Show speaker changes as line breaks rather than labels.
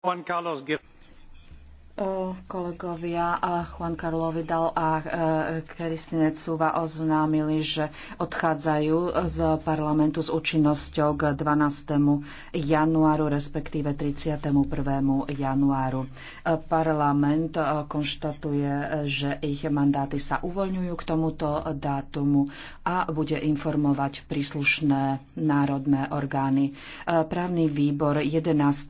kolegovia
Juan Karlovi Vidal a e, Kristine Cuva oznámili, že odchádzajú z parlamentu s účinnosťou k 12. januáru, respektíve 31. januáru. E, parlament e, konštatuje, že ich mandáty sa uvoľňujú k tomuto dátumu a bude informovať príslušné národné orgány. Právny výbor 11.